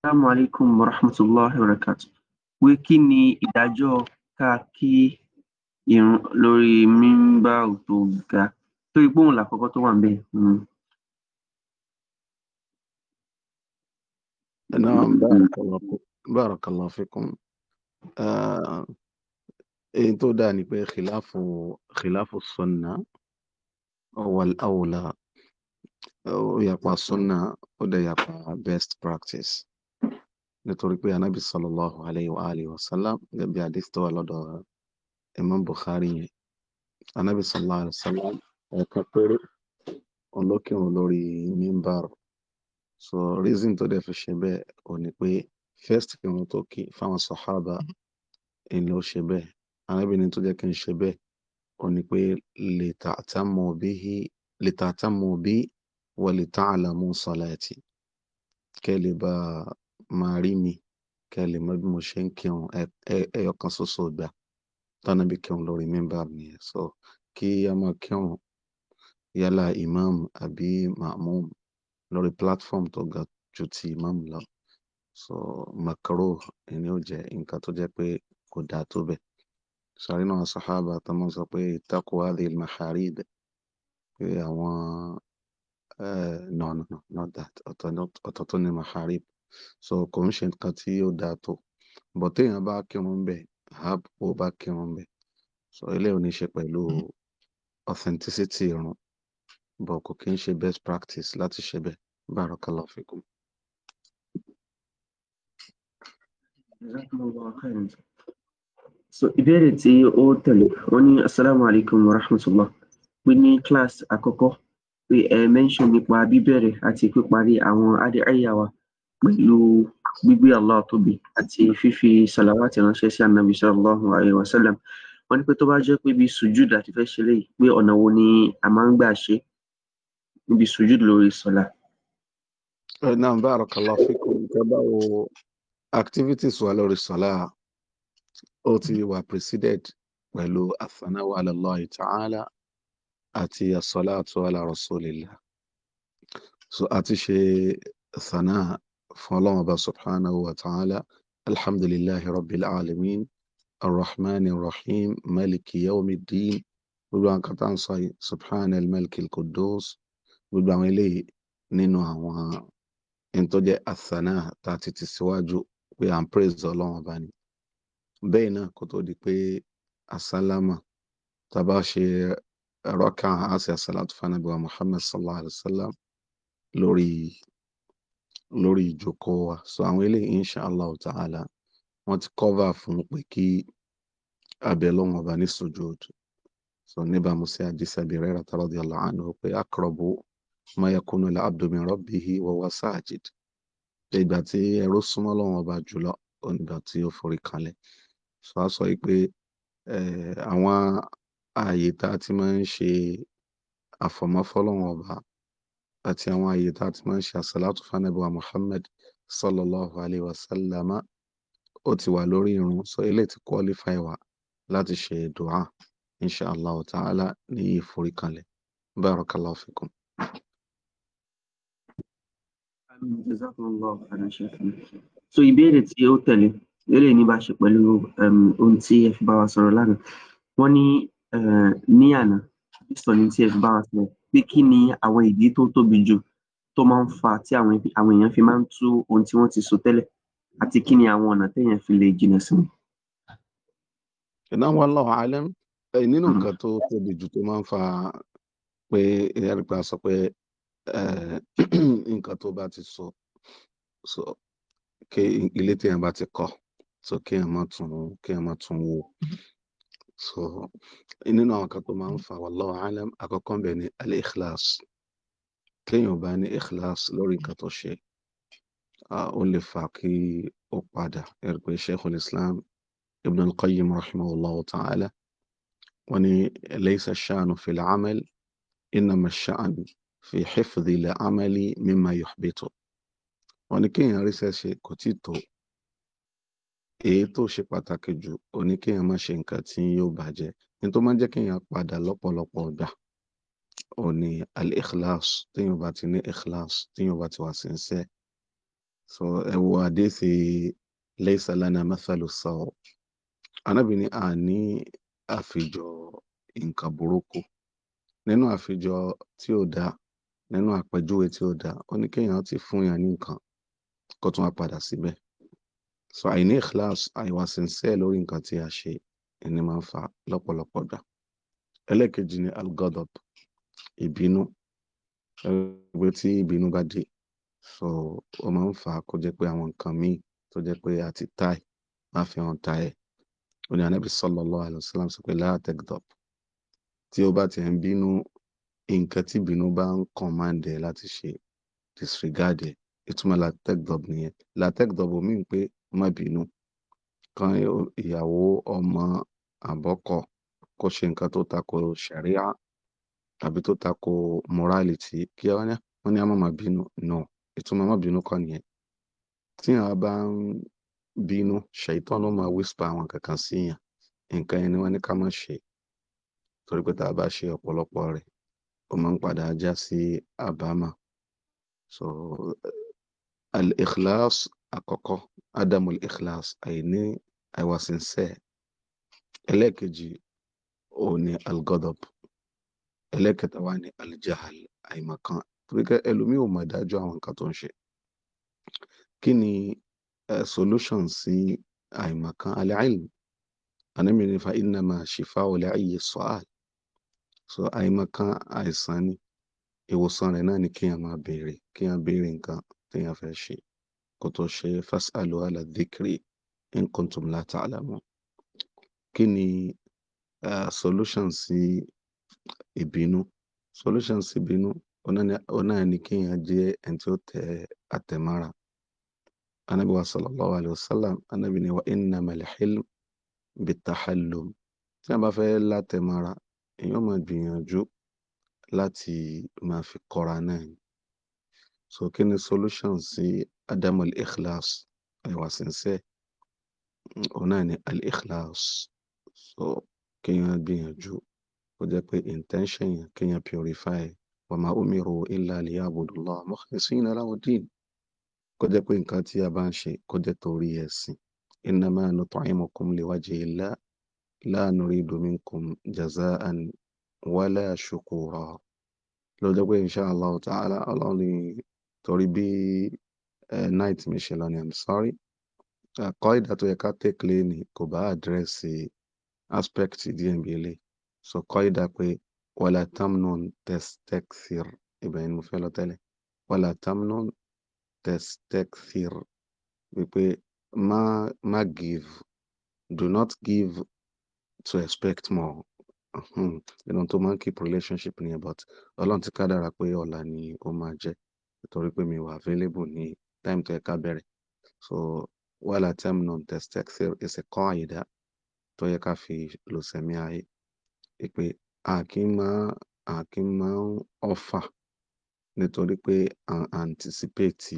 Assalamu alaikum wa rahmatullahi wa barakatuh. Pé kí ni ìdájọ́ ká kí irun lórí mímbàrò tó ga? Torí pé òun làkọ́kọ́ tó wà ńbẹ̀. Mm. نعم بارك الله فيكم èyí tó dáa ni pé khilafu khilafu sunna wal awla ó yapa sunna ó dẹ̀ yapa best practice nítorí pé anábì sallallahu alayhi wa alihi wa sallam gẹ́gẹ́ bí hadith tó wà lọ́dọ̀ Imam Bukhari yẹn anábì sallallahu alayhi wa sallam péré ọlọ́kìrun lórí mímbàr so reason tó dẹ̀ fi ṣe bẹ́ẹ̀ ò ní pé first irun tó kí fáwọn sàhábà ń lọ ṣe bẹ́ẹ̀ arábìnrin tó jẹ́ kí n ṣe bẹ́ẹ̀ ò ní pé li ta'tamu bi wa li ta'lamu salati kẹ́ lè bá máa rí mi kẹ́ lè mọ bí mo ṣe ń kírun ẹyọ kan ṣoṣo ìgbà tọ́nà bí kírun lórí mímbà nìyẹn so kí a máa kírun yálà imam àbí ma'mum lórí platform tó ga ju ti imam lọ so makaro ni ó jẹ nǹkan tó jẹ pé kò dáa tó bẹ sọrí náà sahaba tó máa sọ pé ìtakò adé maharid pé àwọn eh, no no no not that ọ̀tọ̀ tó ní maharib so kò ń ṣe nǹkan tí ó dáa tó bọ̀ téèyàn bá kírun ń bẹ̀ àbò ó bá kírun ń bẹ̀ so eléyìí ò ní ṣe pẹ̀lú hmm. authenticity irun bọ̀ kò kí ń ṣe best practice láti ṣe bẹ́ẹ̀ barakallahu fikum. so ìbéèrè tí ó tẹ̀lé wọn ní asalaamu alaykum wa rahmatullah pé ní class àkọ́kọ́ pé ẹ mention nípa bíbẹ̀rẹ̀ àti píparí àwọn adé ayáwa pẹ̀lú gbígbé Allah tóbi àti fífi sàlàwátì ránṣẹ́ sí ànábì sallallahu alayhi wa sallam wọ́n ní pé tó bá jẹ́ pé ibi sùjúd àti fẹ́ ṣe léyìí pé ọ̀nà wo ni a máa ń gbà ṣe níbi sùjúd lórí sọ̀la. Eh, naam barakallahu fikum nǹkan báwo activities wa lórí sọ̀la ó ti wà preceded pẹ̀lú athanawa ala Allahi ta'ala àti as-salatu ala rasulillah so àti ṣe thana fún ọlọ́run ọba subhanahu wa ta'ala alhamdulillahi rabbil alamin arrahmanir rahim maliki yawmiddin gbogbo àwọn kan tá à ń sọ yìí subhana al-malik al-quddus gbogbo àwọn eléyìí nínú àwọn ìtọ́jẹ́ asana tá a ti ti síwájú pé à ń praise ọlọ́run ọba ni bẹ́ẹ̀ náà kó tó di pé asálámà tàbá ṣe rọ́kà àṣẹ àṣàlátúfà nàbẹ̀wá muhammad sallallahu alayhi wa sallam lórí lórí ìjókòó wa so àwọn eléyìí inshallah ta'ala wọ́n ti cover fún pé kí abẹ lọ́wọ́n ọba ní sujud so níbàámu sí hadith Abi Hurairah radiyallahu anhu pé aqrabu ma yakunu al-abdu min rabbihi wa huwa sajid ìgbà tí ẹrú súnmọ́ lọ́wọ́n ọba jùlọ onígbà tí ó forí kanlẹ̀ so a sọ pé eh, àwọn ààyè tá a ti máa ń ṣe àfọ̀mọ́fọ́lọ́wọ́n ọba àti àwọn àyè tá a ti máa ń ṣe àsàlátù fanabuwa Muhammad sallallahu alayhi wa sallama ó ti wà lórí irun so eléyìí ti qualify wa láti ṣe dùá inshallah ta'ala ní ìforíkanlẹ̀ barakallahu fikum. so ìbéèrè tí ó tẹ̀lé eléyìí ní bá ṣe pẹ̀lú um, ohun tí ẹ fi bá wa sọ̀rọ̀ lánàá wọ́n ní eh, ní àná sọ ní tí ẹ fi bá wa sọ̀rọ̀ pé kí ni àwọn ìdí tó tóbi jù tó máa ń fa tí àwọn àwọn èèyàn fi máa ń tú ohun tí wọ́n ti sọ tẹ́lẹ̀ àti kí ni àwọn ọ̀nà téèyàn fi lè jìnnà sí wọn. ìná wallahu alam nínú mm-hmm. nǹkan tó tóbi jù tó máa ń fa pé ìyárìpá sọ pé nǹkan tó bá ti sọ sọ kí ilé téèyàn bá ti kọ́ so kéèyàn má tún kéèyàn má tún wò mm-hmm so nínú àwọn kan tó máa ń mm. fa wallahu alam àkọ́kọ́ bẹ̀ ni al-ikhlas kéèyàn bá ní ikhlas lórí nǹkan tó ṣe ó lè fa kí ó padà ẹ̀rí pé sheikhul islam ibn al-qayyim rahimahullahu ta'ala wọ́n ní laysa ash-sha'nu fil 'amal innama ash fi hifdhi al-'amali mimma yuhbitu wọ́n ní kéèyàn rí sẹ́ṣe kò tí tó Èyí tó ṣe pàtàkì jù òhun ni kéèyàn má ṣe nǹkan tí yóò bàjẹ́. Ohun tó máa jẹ́ kéèyàn padà lọ́pọ̀lọpọ̀ ìgbà òhun ni al-ikhlas. Téèyàn ò bá ti ní ikhlas, téèyàn ò bá ti wà sincere. So ẹ wo hadiisi laysa lana mathalu saw'. Ànábì ní a ní àfijọ nǹkan burúkú. Nínú àfijọ tí ò dáa, nínú àpèjúwe tí ò dáa, òhun ni kéèyàn ti fúnyàn ní nǹkan kó tún wá padà síbẹ̀ so àìní ikhlas àìwà sincere lórí nǹkan tí a ṣe ẹni máa ń fa lọ́pọ̀lọpọ̀ gbà ẹlẹ́ẹ̀kejì ni algodop ìbínú ẹgbẹ́ tí ìbínú bá dé so ó máa ń fa kó jẹ́ pé àwọn nǹkan míì tó jẹ́ pé a ti táì má fi hàn táì ó ní anábì sallallahu alaihi wasallam sọ pé la tagdab tí ó bá ti ń bínú nǹkan tí ìbínú bá ń kàn máa ń dẹ̀ láti ṣe disregard ẹ̀ ìtumọ̀ la nìyẹn la tagdab omi pé má bínú kan ìyàwó ọmọ àbọ́kọ kó ṣe nǹkan tó tako ṣẹ̀ríà tàbí tó tako morality kí wọ́n ní wọ́n ní a má bínú no ìtumọ̀ má bínú kọ́ nìyẹn tí àwọn bá ń bínú ṣèyítọ́ ló máa wíṣpa àwọn kankan sí yàn nǹkan yẹn ni wọ́n ní ká má ṣe torí pé tá a bá ṣe ọ̀pọ̀lọpọ̀ rẹ̀ ó máa ń padà já sí àbámọ̀ so al-ikhlas àkọ́kọ́ adamul ikhlas àìní I was sincere elekeji òun ni algodob ẹlẹ́ẹ̀kẹta wá ní aljahal àìmọ̀kan torí pé ẹlòmíì ò ma dajo àwọn kan ton ṣe kini solution si makan àìmọ̀kan al-ilm ànímì ní fa innama shifa'u ayi su'al so àìmọ̀kan àìsàn ni ìwòsàn rẹ̀ náà ni kéèyàn máa béèrè kéèyàn béèrè nǹkan téèyàn fẹ́ ṣe. kó tó ṣe fasalu ala dhikri in kuntum la ta'lamun kí ni uh, solution sí ìbínú solution sí ìbínú ọ̀nà ni kéèyàn jẹ́ ẹni tí ó tẹ àtẹ̀mára anabi wa sallallahu alayhi wa sallam anabi ni wa innamal hilm bitahallum tí a bá fẹ́ látẹ̀mára èèyàn máa gbìyànjú láti máa fi kọ́ra náà ni so kí ni solution sí adamul ikhlas àìwá sincere òun náà ni al ikhlas so kéèyàn gbìyànjú ó jẹ́ pé intention yẹn kéèyàn purify wa ma umiru illa liya'budullaha mukhlisina lahu din kó jẹ́ pé nǹkan tí a bá ń ṣe kó jẹ́ torí ẹ̀sìn innama nut'imukum liwajhillah la nuridu minkum jaza'an wala shukura lọ́jọ́ pé insha Allah ta'ala ọlọ́run torí bí eh, night mi ṣe lọ ni i'm sorry ẹ̀kọ́ ìdá tó yẹ ká take lé ní kò bá àdírẹ́sì aspect dmb lé so kọ́ ìdá pé wàlá tamnon testexir ibẹ̀ ni mo fẹ́ lọ tẹ́lẹ̀ wàlá tamnon testexir wípé má má give do not give to expect more hmm. ẹnu tó máa ń keep relationship Ni but ọlọ́run ti ká dára pé ọ̀la ni ó máa jẹ́ nítorí pé mi wà available ní time tó yẹ ká bẹ̀rẹ̀ so wàhálà time non testexel ìsìnkọ́ àyèdá tó yẹ ká fi lò sẹ́mi ayé pé a kì í máa a kì í máa ń ọ̀fà nítorí pé à anticipate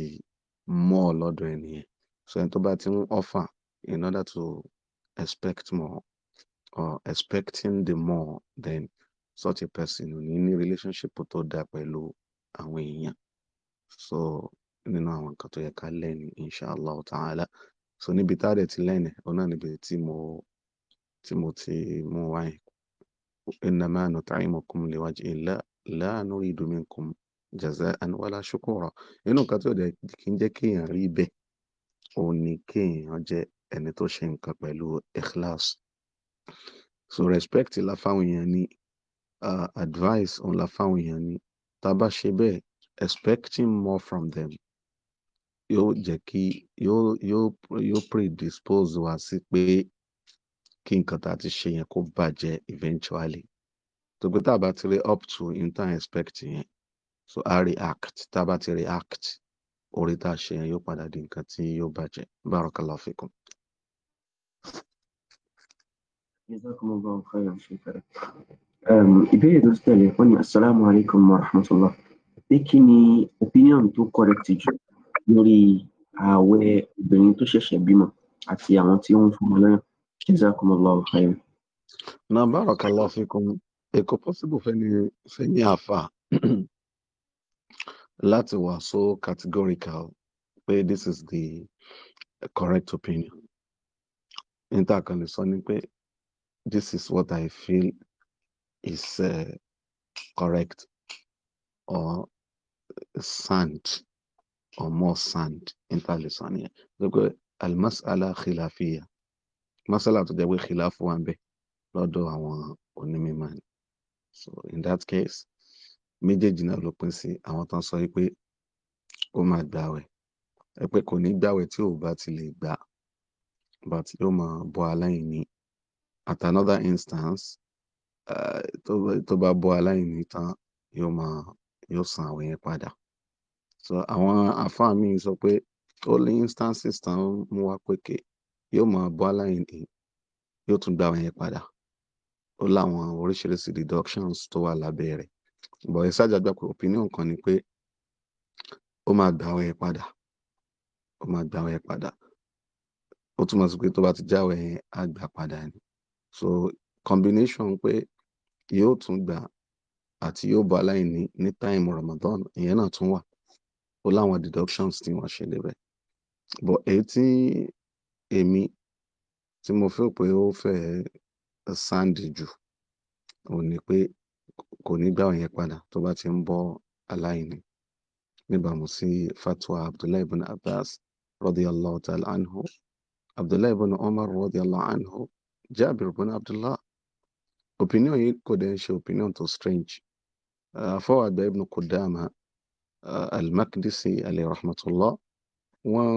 more lọ́dọ̀ ẹnìyẹn so ẹni tó bá ti ń ọ̀fà in order to expect more or expecting the more than such a person ò ní ní relationship tó dáa pẹ̀lú àwọn èèyàn so nínú àwọn nǹkan tó yẹ ká lẹ́ni inshallah ta'ala so níbi tá a dẹ̀ ti lẹ́ni òun náà níbi tí mo tí mo ti mú wáyé innama nut'imukum liwajhi Allah la nuridu minkum jaza'an wala shukura nínú nǹkan tó dẹ̀ kí n jẹ́ kéèyàn rí bẹ́ẹ̀ òun ni kéèyàn jẹ́ ẹni tó ṣe nǹkan pẹ̀lú ikhlas so respect la fáwọn èèyàn ní ah, advice òun la fáwọn èèyàn ní tá a bá ṣe bẹ́ẹ̀ expecting more from them yóò jẹ́ kí yóò yóò predispose wa sí pé kí nǹkan tá a ti ṣe yẹn kó bàjẹ́ eventually tó pé tá a bá ti rí up to in time expect yẹn so a react tá a bá ti react orí tá a ṣe yẹn yóò padà di nǹkan tí yóò bàjẹ́ barakallahu fikum. ìbéèrè tó tẹ̀lé fún mi asalaamualeykum wa rahmatulah. kí ni opinion tó correct jù lórí ààwẹ̀ obìnrin tó ṣẹ̀ṣẹ̀ bímọ àti àwọn tí ó ń fún ọmọ lọ́yàn jazakumullahu khairan. na barakallahu fikum èkó possible fẹ́ni fẹ́ni àfà láti wà so categorical pé this is the correct opinion níta kan lè sọ ni pé this is what I feel is uh, correct or sand or more sand níta lè sọ nìyẹn lóko alimasala khilafiya masala tó jẹ́ pé khilafu wa ń bẹ lọ́dọ̀ àwọn onímọ̀ ni so in that case méjèèjì general ló pín sí àwọn tó ń sọ pé ó máa gbàwẹ̀ ẹ pé kò ní gbàwẹ̀ tí but yóò máa bọ́ at another instance eh, tó bá bọ́ aláìní tán yóò máa yóò san àwẹ̀ yẹn padà so àwọn àfáà míì sọ pé ó instances tá ń mú wá pékè yóò máa bọ́ aláìní yóò tún gba àwọn yẹn padà ó láwọn oríṣiríṣi deductions tó wà lábẹ́ rẹ̀ but ìsájà gbà pé opinion kan ni pé ó máa gba àwọn yẹn padà ó máa gba àwọn yẹn padà ó túmọ̀ sí pé tó bá ti jáwé yẹn á gbà padà ni so combination pé yóò tún gbà àti yóò bọ́ aláìní ní time Ramadan ìyẹn náà tún wà ó láwọn deductions tí wọ́n ṣe níbẹ̀ but èyí tí èmi tí mo fẹ́ pé ó fẹ́ sáǹdì jù ò ní pé kò ní gbà yẹn padà tó bá ti ń bọ́ aláìní níbàámu sí fatwa abdullahi ibn abbas radiyallahu ta'ala anhu abdullahi ibn umar radiyallahu anhu jabir ibn abdullah opinion yìí kò dẹ̀ ń ṣe opinion tó strange uh, afọwọ́ àgbà ibn kudama al-Maqdisi alayhi rahmatullah wọ́n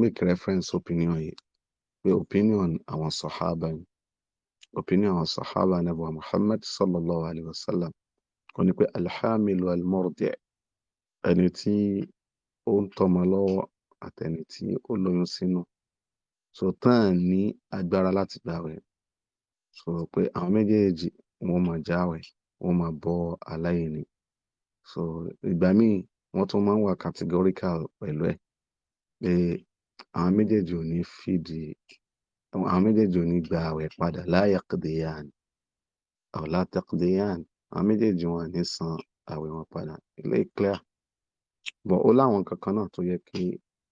make reference opinion yìí pé opinion àwọn sọ̀hábà ni opinion àwọn sọ̀hábà ní abuwa Muhammad sallallahu alayhi wa sallam kò ní pé alhamilu almordi ẹni tí ó ń tọ́mọ lọ́wọ́ àtẹni tí ó lóyún sínú so tán ní agbára láti gbààwẹ̀ so pé àwọn méjèèjì wọ́n máa jáwẹ̀ wọ́n máa bọ́ aláìní so ìgbà míì wọ́n tún máa ń wà categorical pẹ̀lú ẹ̀ pé àwọn méjèèjì ò ní fìdí àwọn méjèèjì ò ní gba àwẹ̀ padà la yaqdiyan aw la taqdiyan àwọn méjèèjì wọn ní san àwẹ̀ wọn padà eléyìí clear but ó láwọn kankan náà tó yẹ kí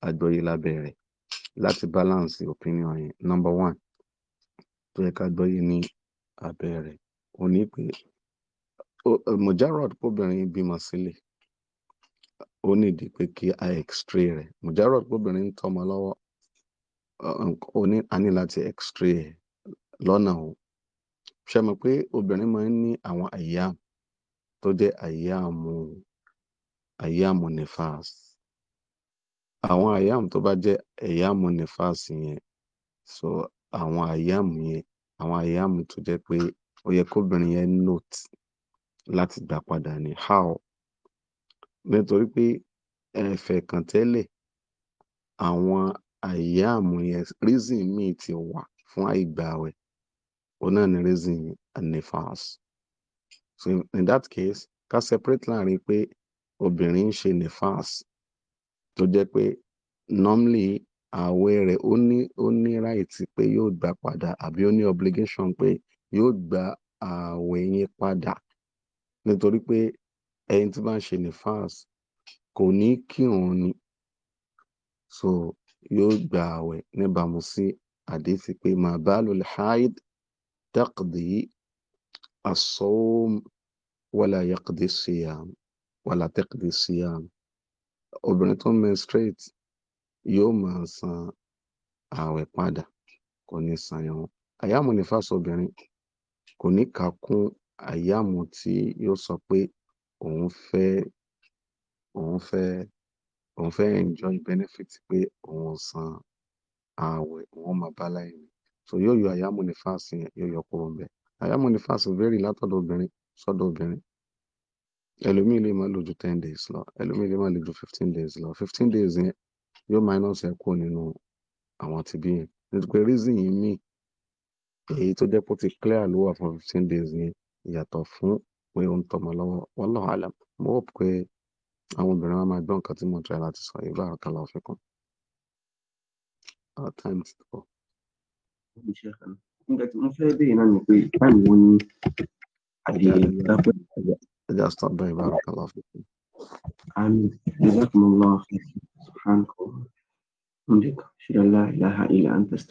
àjọyé lábẹ́ rẹ̀ láti balance opinion yẹn number one tó yẹ ká gbọ́yé ní abẹ́ rẹ̀ ó ní pé mujarrad kóbìnrin bímọ sílẹ̀ ó nídìí pé kí a x-ray rẹ̀ mùjárọ̀ gbóbìnrin ń tọ́mọ lọ́wọ́ ó ní a ní láti x-ray ẹ̀ lọ́nà o ṣe mọ̀ pé obìnrin máa ń ní àwọn àyà tó jẹ́ àyà mu àyà mu nefas àwọn àyà tó bá jẹ́ àyà mu nefas yẹn so àwọn àyà mu yẹn àwọn àyà mu tó jẹ́ pé ó yẹ kóbìnrin yẹn note láti gbà padà ní how nítorí pé ẹfẹ̀kàntẹ́lẹ̀ àwọn àyáàmú yẹn reason míì ti wà fún àìgbààwẹ̀ òun náà ni reason anifas so in, in that case ká separate láàrin pé obìnrin ń ṣe nifas tó jẹ́ pé normally ààwẹ̀ rẹ̀ ó ní ó ní right pé yóò gbà padà àbí ó ní obligation pé yóò gba ààwẹ̀ yẹn padà nítorí pé ẹni tí bá ń ṣe nifas kò ní kírun ni so yóò gba àwẹ̀ níbàámu sí àdéhìí pé ma balul haid taqdi as-sawm wala yaqdi as-siyam wala taqdi as-siyam obìnrin tó menstruate yóò máa san àwẹ̀ padà kò ní san ẹ̀wọ̀n àyàmú nifas obìnrin kò ní kà àyàmú tí yóò sọ pé òun fẹ́ òun fẹ́ òun fẹ́ enjoy benefit pé òun san ààwẹ̀ òun máa bá láì ní so yóò yọ àyámú ní fáàsì yẹn yóò yọ kúrò ń bẹ àyámú ní fáàsì vary látọ̀dọ̀ obìnrin sọ́dọ̀ obìnrin ẹlòmíì lè má lò ju ten days lọ ẹlòmíì lè má lò ju fifteen days lọ fifteen days yẹn yóò minus ẹ kúrò nínú àwọn tìbí yẹn nítorí pé reason yìí míì èyí tó jẹ́ pé ó ti clear ló wà fún fifteen days yẹn yàtọ̀ fún ويوم طمالو والله أعلم مو بكي أول برنامج دون كاتي مونتريال تسوي بارك الله فيكم تايم تتكو شيخنا عندك مشاهدين أنك تايم ون بارك الله فيكم جزاكم الله خير سبحانك وبحمدك أشهد أن لا إله إلا أنت